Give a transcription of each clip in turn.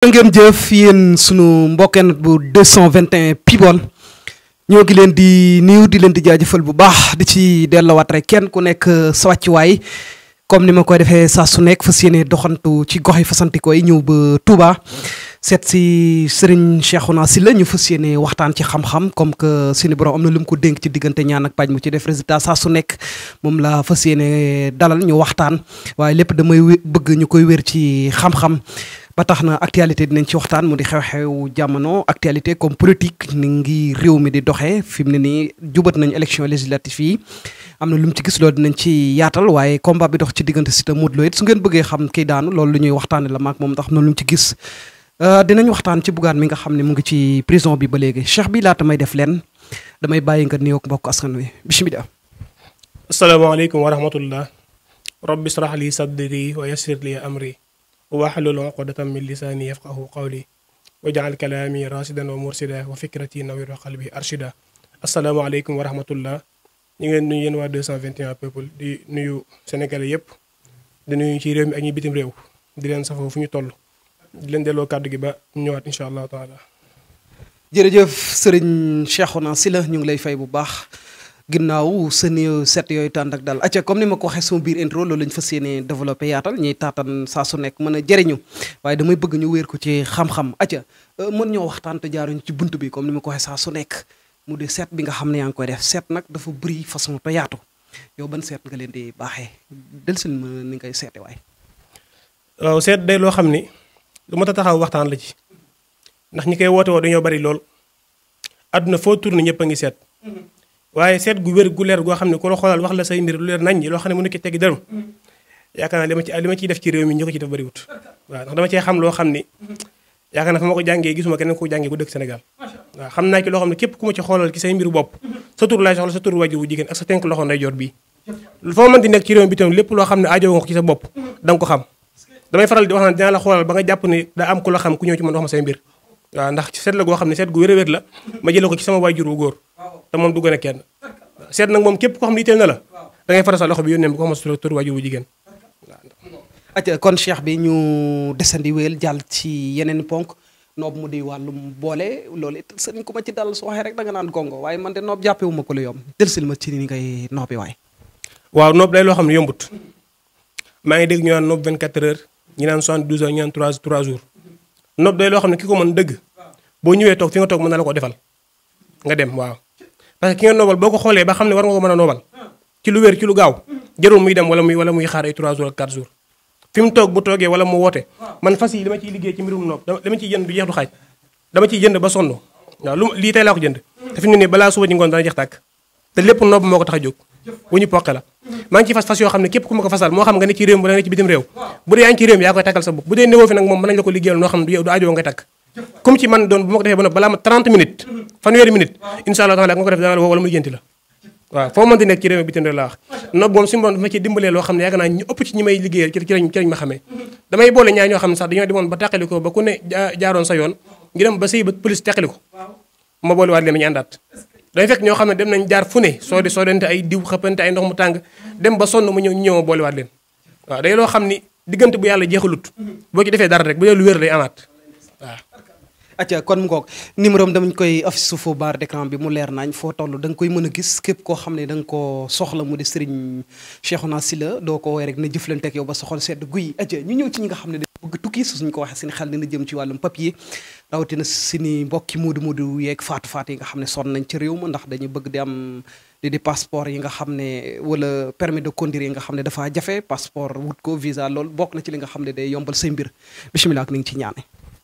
ngeen jëf yéen sunu mbokkeen bu 221 people ñoo ngi leen di nuyu di leen di jaajëfal bu baax di ci dellowaat rek kenn ku nekk euh, sa waay comme ni ma koy defee saa su nekk fa yéene doxantu ci gox yi fasantikoo yi ñëw ba Touba seet si Serigne si la ñu fas yéene waxtaan ci xam-xam comme que suñu borom am na lu mu ko dénk ci diggante ñaan ak paj mu ci def résultat saa su nekk moom la fas yéene dalal ñu waxtaan waaye lépp damay bëgg ñu koy wér ci xam ba tax na actualité dinañ ci waxtaan mu di xew-xew jamono actualité comme politique ni ngi réew mi di doxee fi mu ne nii jubat nañ élection législative yi am na lu mu ci gis loolu dinañ ci yaatal waaye combat bi dox ci diggante si Modou Lô it su ngeen bëggee xam kii daanu loolu lu ñuy waxtaane la maak moom ndax am na lu ci gis euh, dinañ waxtaan ci buggaan mi nga xam ne mu ngi ci prison bi ba léegi cheikh bi laata may def leen damay bàyyi nga nuyoog mbokk askan wi bisimilah. asalaamaaleykum wa rahmatullah rabbi israh li sadri wa yassir li amri waxlul uqdatan min lisaani yafqahu qawli wajaal kalaami rasidan wa mursida wa fikrati nawir wa qalbi arshida asalaamaaleykum wa rahmatullah ñu ngi leen nuyu yéen waa 221 people di nuyu sénégalais yëpp di nuyu ci réew mi ak ñi bitim réew di leen safoo fu ñu toll di leen delloo kàddu gi ba ñëwaat incha allahu taala jërëjëf sëriñ Cheikhouna Sylla ñu ngi lay fay bu baax ginnaaw seen set yooyu tànd ak dal acca comme ni ma ko waxee sama biir intro loolu lañ fas yéene développé yaatal ñuy taatan saa su nekk mën a jëriñu waaye damay bëgg ñu wéer ko ci xam-xam acca euh, mën ñoo waxtaan te jaaruñ ci bunt bi comme ni ma ko waxee saa su nekk mu de seet bi nga xam ne yaa ngi koy def seet nag dafa bëri façon te yaatu yow ban seet nga leen di baaxee del seen ma ni ngay seete waay waaw seet day loo xam ni lu ma taxaw waxtaan la ci ndax ñi koy woote woo dañoo bari lool àdduna foo tourné ñëpp a ngi seet mm-hmm. waaye seet gu wér gu leer goo xam ne ku la xoolal wax la say mbir lu leer nañ ñi loo xam ne mënu ci teggi dërëm mm. yaakaar naa li ma ci li ma ciy def ci réew mi ñu ko ci def bariwut waaw ndax dama cee xam loo xam ni yaakaar naa ma ko jàngee gisuma keneen ko loo ne képp ku ma ci xoolal ci say mbiru bopp mm-hmm. sa tur laay soxla sa tur waajur wu jigéen ak sa tenk loxo nday jor bii foo mën di nekk ci réew bi tam lépp loo xam ne aajo nga ko ci sa bopp mm-hmm. da ko xam damay faral di wax naan dinaa la xoolal ba nga jàpp ne daa am ku la xam ku ñëw ci man wax ma say mbir waaw ndax seet la goo xam ne seet gu wér a wér la mm-hmm. ma jëlee ko ci sama waajur wu góor te moom du gën a kenn seet nag moom képp ko xam ne itteel na la da ngay faral sa loxo bi yónnee bi ko xam ne tur waajur bu jigéen acca kon cheikh bi ñu desandi wéel jàll ci yeneen ponk noob mu di wàllum boole loolu it sëriñ ku ma ci dal su waxee rek da nga naan gongo waaye man de noob jàppewu ma ko lu yomb delsil ma ci ni waaw noob day loo xam ne yombut maa ngi dégg ñu naan noob 24 ñu naan 72 heures ñu naan 3 3 jours loo xam ne ki ko mën dëgg boo ñëwee toog fi nga toog mën na la ko defal nga dem waaw parce que ki nga noobal boo ko xoolee ba xam ne war nga ko mën a noobal ci lu wér ci lu gaaw jarul muy dem wala muy xaar ay 3 jours ak jours fi toog bu toogee wala mu woote man fas yi li ma ciy liggéey ci mbirum noob dama ciy jënd ba sonn waaw lii tey laa ko jënd te fi ne nii balaa suba ji ngoon dana jeex tàkk te lépp noob moo ko tax a jóg bu ñu la maa ci fas fas yoo xam ne képp ku ko fasal moo xam nga ne ci réew mi bu dee yaa ci comme ci man doon bu ma ko defee ba noppi balaa ma 30 minutes fanweeri minutes incha allah taala nga ko def daanaka wala mu jënti la. waaw foo ma ñoo xam ne sax nañ jaar fu ne soo soo dente ay diw xëppante ay ndox mu tàng dem ba sonn mu ñëw ñu ñëw ma boole waat leen waaw day diggante bu yàlla jeexalut boo ci defee dara rek bu dee lu wér day amaat waaw acca kon mu ngoog numéro am damañ koy affiche suufu barre d'écran bi mu leer naañ foo toll da nga koy mën a gis képp koo xam ne da nga koo soxla mu di Serigne si la doo ko woowee rek na jëflante ak yow ba soxol sedd guy acca ñu ñëw ci ñi nga xam ne dañ tukki suñ ko waxee seen xel dina jëm ci wàllum papier rawatina suñu mbokki moodu moodu yeeg faatu faatu yi nga xam ne sonn nañ ci réew ma ndax dañu bëgg di di di yi nga xam ne wala permis de conduire yi nga xam ne dafaa jafe passeport wut ko visa lool bokk na ci li nga xam ne day yombal sa mbir bisimilah ak ni ngi ci ñaane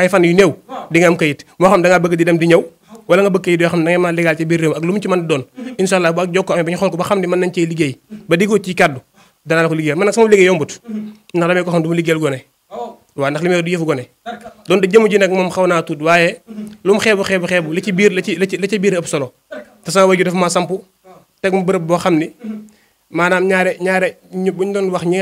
ay fan yu néew di am kayit moo xam da ngaa bëgg di dem di ñëw wala nga bëgg kayit yoo xam ne da ngay a légal ci biir réew ak lu mu ci mën doon incha allah bu ak jokkoo amee ba ñu xool ko ba xam ne mën nañ liggéey ba déggoo ci kàddu danaa la ko liggéeyal gone waaw ndax li du yëfu gone doon te jëmu ji nag moom xaw naa tuut waaye lu mu xeebu xeebu xeebu li ci biir la ci la ci la ci biir ëpp solo te sama waju dafa maa samp teg mu bërëb boo xam ni maanaam ñaare ñaare ñu bu ñu doon wax ñi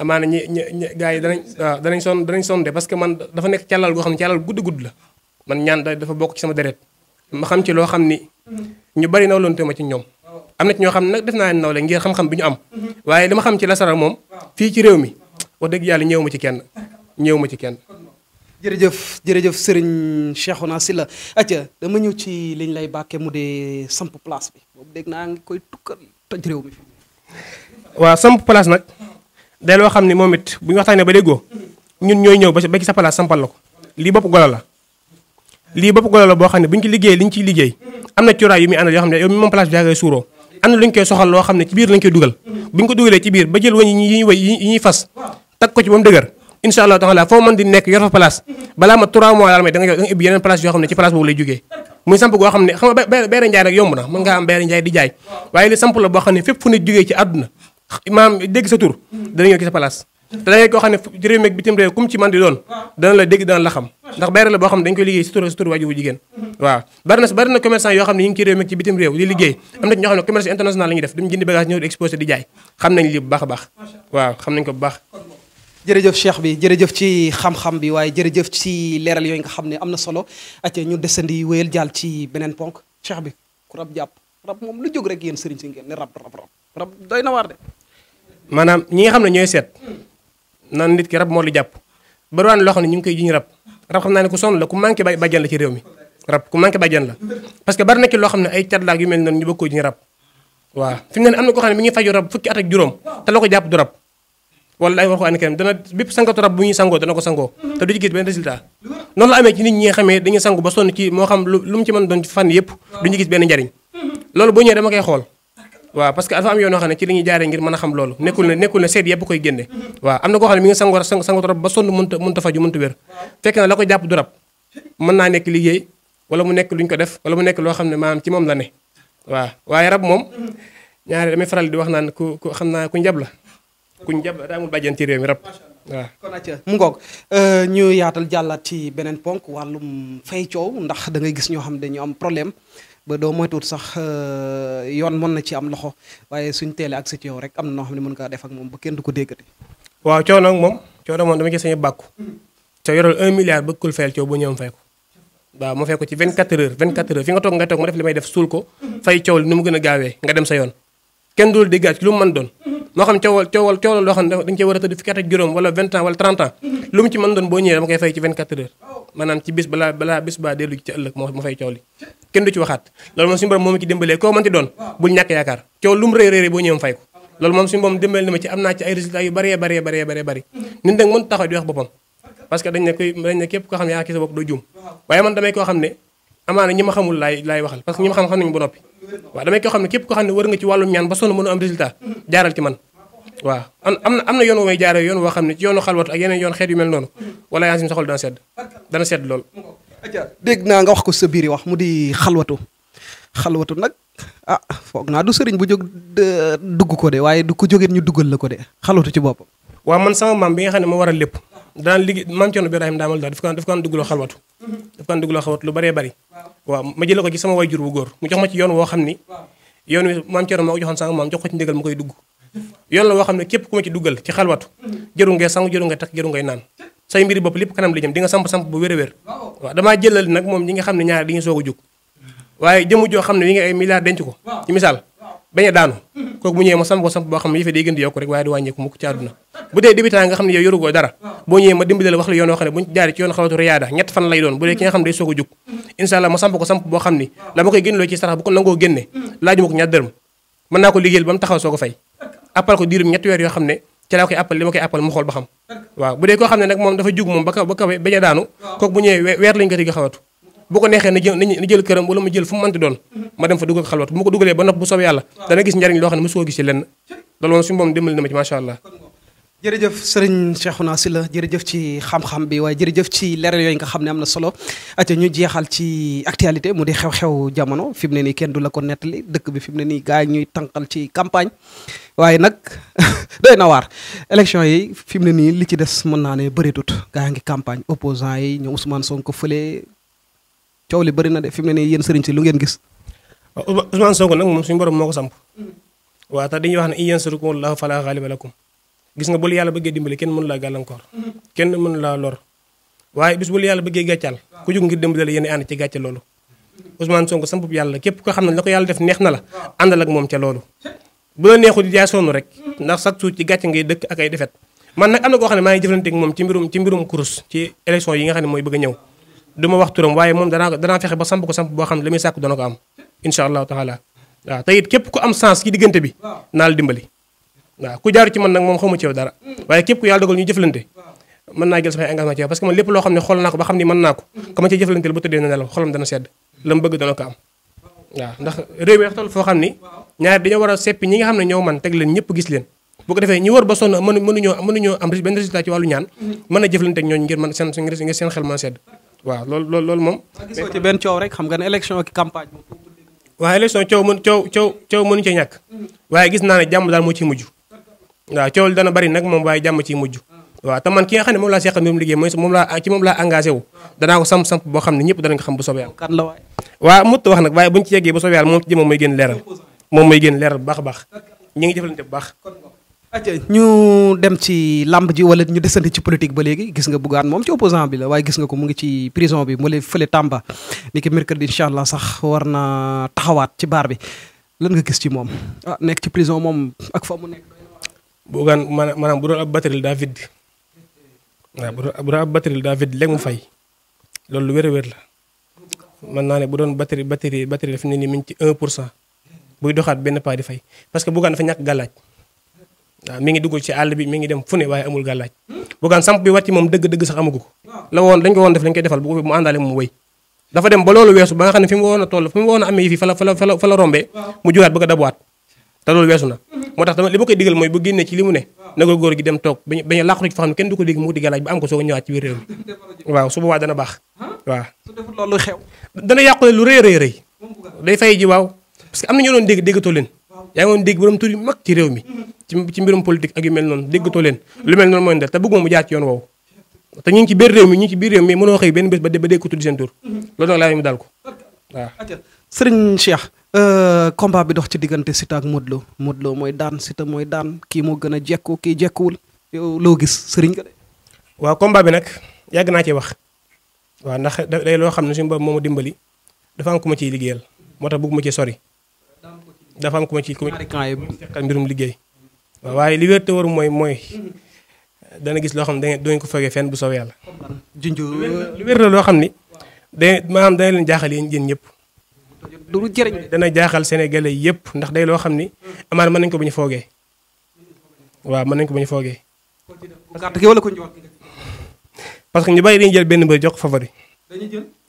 amaana ñi ñi ñi gars yi danañ waaw danañ son danañ sonn de parce que man dafa nekk càllal goo xam ne càllal gudd gudd la man ñaan dafa bokk ci sama deret ma xam ci loo xam ni ñu bari nawlonte ma ci ñoom. am na ci ñoo xam ne nag def naa leen nawle ngir xam-xam bi ñu am waaye dama xam ci la lasara moom fii ci réew mi wax dëgg yàlla ñëw ma ci kenn ñëw ma ci kenn. jërëjëf jërëjëf sëriñ naa si la acca dama ñëw ci liñ lay bàkkee mu dee samp place bi boobu dégg naa ngi koy tukkal toj réew mi. waaw samp day loo xam ne moom it bu ñu waxtaanee ba déggoo ñun ñooy ñëw ba ci sa place sampal la ko lii bopp golo la lii bopp golo la boo xam ne bu ñu ci liggéey li ñu ciy liggéey am na cuuraay yu muy àndal yoo bi yaagay soxal loo xam ne ci biir lañ koy dugal bu ñu ko dugalee ci biir ba jël wëñ yi ñuy fas takk ko ci ba mu dëgër incha allah taala foo mën di nekk yor fa place balaa ma 3 mois laal may da yeneen place yoo xam ne ci place boobu lay jógee muy samp goo xam ne ci àdduna maam dégg sa tur dana ñëw ci sa place te da ngay xam ne réew meeg bitim réew kum ci man di doon dana la dégg dana la xam ndax bayra la boo xam ne dañ koy liggéey si tur si tur na bari na commerçant ne ñu ngi ci réew meeg ci a baax waaw xam nañ ko bu ci xam-xam bi waaye jërëjëf ci leeral yooyu nga xam ne am na solo acca ñu desandi wéyal jàll ci beneen ponk cheikh bi ku rab jàpp rab moom lu jóg rek yéen sëriñ si ngeen ne rab rab rab rab doy na waar de. maanaam ñi nga xam ne ñooy seet naan nit ki rab moo li jàpp bariwaan loo xam ne ñu ngi koy jiñ rab rab xam naa ne ko sonn la ku manqué ba la ci réew mi rab ku manqué la parce que bari na ci loo xam ne ay cat laak yu mel noonu ñu bëgg koo jiñ rab waaw fi ne am na koo xam ne mi ngi faju rab fukki at ak juróom te la ko jàpp du rab wala ay war ko an kenn dana bépp sangatu rab bu ñuy sangoo dana ko sangoo te du ci gis benn résultat noonu la amee ci nit ñi nga xamee dañuy sangu ba ci moo xam lu mu ci mën doon fan yëpp duñu gis benn njariñ loolu boo ñëwee dama koy xool waaw parce que dafa am yoon xam ne ci li ñuy jaaree ngir mën a xam loolu nekkul ne nekkul ne seet yëpp koy génne waaw am na koo xam ne mi ngi sango sango rab ba sonn mënta mënta faju mënta wér fekk na la ko jàpp du rab naa nekk liggéey wala mu nekk lu ñu ko def wala mu nekk loo xam ne maanaam ci moom waaw waaye rab moom ñaari damay faral di wax naan ku ku xam naa ku njab la ku njab la daa amul bàjjan réew mi rab waaw kon acca mu ngoog euh, ñu yaatal jàllaat ci beneen ponk wàllum fay coow ndax da ngay gis ñoo xam dañu am problème ba doo moytuwut sax euh, yoon mën na ci am loxo waaye suñ teele ak si ci rek am na noo xam ne mën ngaa def moom ba kenn du ko déggati. waaw coow nag moom coow moom dama ci a fay ci 24 heures heures fi a gaawee yoon kenn du la déggaat ci lu bis balaa bis baa dellu ci ëllëg moo fay coow li kenn du ci waxaat loolu moom suñu borom moom ci dimbalee koo mënti doon bul ñàkk yaakaar coow lu rëy rëy boo ñëwam fay ko loolu moom suñu borom dimbale na ma ci am naa ci ay résultats yu bëree bëree bëree bëree bëri nit nag mën taxaw di wax boppam parce que dañ ne koy koo xam ne yaa ne amaana xamul laay waxal parce que ñi xam xam nañu ba noppi waaw damay koo xam ne képp koo xam ne war nga ci wàllum ñaan ba sonn mën a am résultat jaaral ci man waaw am am na am na yoon woo xam ne ci yoonu xalwatu ak aja dégg naa nga wax ko sa biir wax mu di xalwatu xalwatu nag ah foog naa du sëriñ bu jóg dugg ko de waaye du ko jógeen ñu duggal la ko de xalwatu ci bopp waaw man sama maam bi nga xam ne moo waral lépp daan liggéey maam Thierno Birahim daamal daal daf ko daf ko daan duggloo xalwatu daf ko daan duggloo xalwatu lu bëree bëri waaw ma jëlee ko ci sama way jur bu góor mu jox ma ci yoon woo xam ni yoon wi maam Thierno moo ko joxoon sama maam jox ko ci ndigal ma koy dugg yoon la woo xam ne képp ku ci duggal ci xalwatu mm-hmm. jëru ngay sangu jëru nga takk jëru ngay naan say mbiri bopp lépp kanam li jëm samp-samp bu wér a wér waaw damaa jëlal nag moom ñi nga xam ne ñaari di nga soog a jóg mm-hmm. waaye jëmu joo xam ne yi denc ko ci misaal bañ mm-hmm. nga xam ne yow yorugoo dara boo ñëwee ma dimbali la wax la yoon wax ne buñ jaari yoon xawatu riyaada ñett fan lay doon bu dee ki nga xam ne day soog a jóg mm-hmm. incha allah ma samp ko samp boo xam ni la ma koy génn ci sarax bu ko nangoo génne laaju ko ñaar dërëm mën naa ko liggéeyal ne ci laa koy appal li ma koy appal mu xool ba xam waaw bu dee koo xam ne nag moom dafa jug moom ba ka ba kawe bañ a daanu kooku bu ñëwee weer lañu ko tigi xalwatu bu ko neexee na jël këram wala mu jël fu mu mënti doon ma dem fa dugal xalwatu bu ma ko dugalee ba nopp bu soobee yàlla dana gis njariñ loo ne mosu ko gis ci lenn loolu moom suñu moom dimbali na ma ci allah jërëjëf sëriñ naa sila jërëjëf ci xam-xam bi waaye jërëjëf ci leral yooyu nga xam ne am na solo aca ñu jeexal ci actualité mu di xew-xew jamono fi mu ne nii kenn du la ko nettali dëkk bi fi mu ne nii gars ñuy tànqal ci campagne waaye nag na waar élection yi fi mu ne nii li ci des mën naa ne bëreetut gaa ngi campagne opposant yi ñoom Ousmane Sonko fële coow li bëri na de fi mu ne nii yéen sëriñ si lu ngeen gis waaw Ousmane Sonko nag moom suñu borom moo ko samp waaw tax dañuy wax ne in yansurkum Allahu fala ghaliba lakum gis nga bu la yàlla bëggee dimbali kenn mënu laa gàllankoor kenn mënu lor waaye bis bu la yàlla bëggee gàccaal ku jóg ngir dimbali la yéen ànd ci gàcce loolu Ousmane Sonko ko xam ne la ko yàlla def na la àndal ak moom ca loolu bu la neexul yaa sonn na koo xam ne maa ngi jëflanteeg moom ci mbirum ci a ko xam ne la ko am incha allahu taala waaw te it képp ku am sens ci diggante bi naa la dimbali waaw ku jaaru ci man nag moom xamu ci yow dara waaye képp ku yàlla dogal ñu jëflante mën naa jël samay engagement ci parce que man loo xam ne xool naa ko ba xam ni mën naa ko mm-hmm. ka ma ci jëflanteel bu tëddee na nelaw xolam dana sedd la mu bëgg dana ko am waaw ndax réew mi dafa toll foo xam ni ñaari dañoo war a seppi ñi nga xam ne ñoo man teg leen ñëpp gis leen bu ko defee ñu war ba sonn mënu mënuñoo mënuñoo am résultat ci wàllu ñaan mm-hmm. mën a jëflante ak ñooñu ngir mën seen ngir seen xel mën a sedd waaw loolu waaye gis naa ne jàmm daal moo ci waaw coow li dana bari nag moom waaye jàmm ciy mujj waaw te ki nga xam ne moom laa seqal mbirum moom laa ah, ci danaa ko samp samp boo xam ne ñëpp danañ ko xam bu soobee yàlla la waay waaw mut wax waaye buñ ci yeggee bu soobee yàlla moom ci jëmam mooy génn leeral moom mooy génn leeral a baax ñu ngi desante ci politique ba léegi gis nga Bougane moom ci opposant bi la waaye gis nga ko mu ngi ci prison bi mu lay fële Tamba ni ki mercredi incha allah sax war na taxawaat ci baar bi lan nga gis ci moom ah nekk ci prison moom ak fa mu nekk bugaan maanaam bu doon ab batterie daa vide waaw bu doon ab batterie daa vide léegi mu fay loolu lu a la mën naa ne bu doon batterie batterie batterie pour cent buy doxaat benn pas di fay parce que bugaan bi mi ngi dem fu ne waaye amul bi wàcc moom dëgg-dëgg sax amagu ko la woon dañ ko woon def lañ koy defal bu ko mu àndaale mu wéy dafa dem ba loolu weesu ba nga xam ne fi mu woon a toll fi mu amee yi fi fa la fa la fa la rombee mu jugaat bëgg dabuwaat te loolu weesu na moo tax dama li ma koy digal mooy bu génnee ci li mu ne nagal góor gi dem toog bañ bañ a làqatu ci fa xam kenn du ko dégg mu wuti galaaj ba a ñëwaat ci biir réew mi waaw su boobaa dana day fay ji waaw parce que am na ñu doon leen dégg borom yu mag ci réew mi mm-hmm. ci ci mbirum politique ak yu mel noonu déggatoo leen mm-hmm. lu mel noonu mooy ndel te bëgguma mu jaar ci yoon woowu te ñu ngi ci biir réew mi ñu ci biir réew mi mënoo xëy benn bés ba dégg ko tudd seen tur mm-hmm. loolu nag laa mu dal ko sëriñ Cheikh Euh, combat bi dox ci diggante Siteu ak Modou mooy daan Siteu mooy daan kii moo gën a jekku kii jekkuwul yow loo gis sëriñ nga de. bi nag yàgg naa ci wax waaw ndax day loo xam ne suñu bopp moomu dimbali dafa ma ciy liggéeyal moo tax ma ci sori dafa am ku ma ciy ku liggéey waaye li wér te waru mooy mooy dana gis loo xam ne da ngeen ko foogee fenn bu soobee yàlla. loo xam ni. day maanaam day leen jaaxal yéen ñëpp. du lu jëriñ. dana jaaxal sénégalais yëpp ndax day loo xam ni amaana man nañ ko bu ñu foogee waaw mën nañ ko bu ñu foogee. parce que ñu bari dañuy jël benn mbër jox ko favori.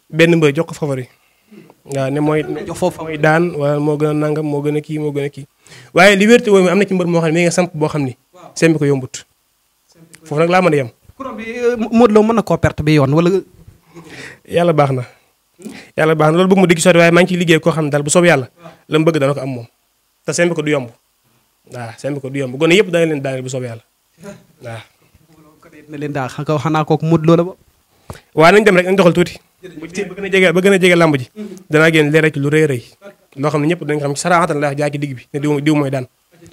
benn mbër jox ko favori. waaw ne mooy. jox foofu mooy daan wala moo gën a nangam moo gën a kii moo gën a kii. waaye liberté woowu am na ci mbër moo xam ne mi boo xam ni. sembi ko yombut. foofu nag laa mën a yem. kuréel bi euh, mën na koo perte bi yoon wala. yàlla baax na. yàlla baax na loolu bëgg mu digg sori waaye maa ngi ciy liggéey koo xam ne daal bu soob yàlla la mu bëgg ko am moom te sembi ko du yomb waaw ko du yëpp dana leen daaneel bu soob yàlla waaw na leen daal xanaa kooku mut loola ba waaw nañ dem rek nañ doxal tuuti ba a jege ba gën a jege làmb ji mhm. danaa génn leer rek lu rëy rëy loo xam ne ñëpp dañ xam ci saraatan la jaay ci bi ne daan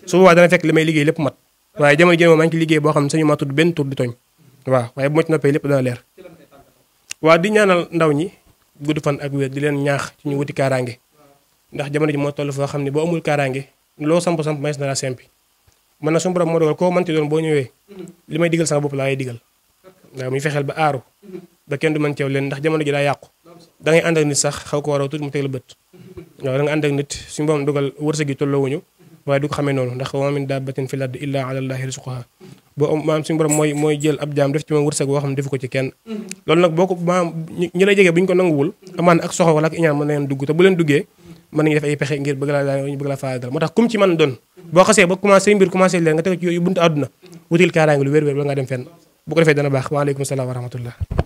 su boobaa dana fekk li liggéey lépp mat waaye jamono jii moom maa liggéey boo xam ne sañu ma tudd benn tur di tooñ waaw waaye bu ma ci noppee lépp dana leer waa di ñaanal ndaw ñi gudd fan ak wér di leen ñaax ci ñu wuti kaaraange ndax jamono ji moo toll foo xam ne boo amul kaaraange loo samp samp mayees na la sempi man na suñu borom moo dogal koo mënti doon boo ñëwee mhm. li may digal sama bopp laa lay digal waaw muy fexeel ba aaru mhm. ba kenn du mën ceew leen ndax jamono ji daa yàqu da ngay ànd ak nit sax xaw ko war a mu teg la bët mhm. waaw da nga ànd ak nit suñu borom dogal wërsëg gi tolloowuñu waaye du ko xamee noonu ndax wa min dabbatin fil ardi illa ala allahi rizquha boo maanaam suñu borom mooy mooy jël ab jaam def ci moom wërsëg boo xam defu ko ci kenn loolu nag boo ko maanaam ñi lay jegee bu leen dugg te bu leen duggee mën nañu def ay pexe ngir bëgg laa daa bëgg laa faagagal moo tax kum ci mën doon boo xasee ba commencé mbir commencé leen nga teg ci yooyu buntu àdduna wutil kaaraange lu wér wér ba nga dem fenn bu ko defee dana baax waaleykum salaam wa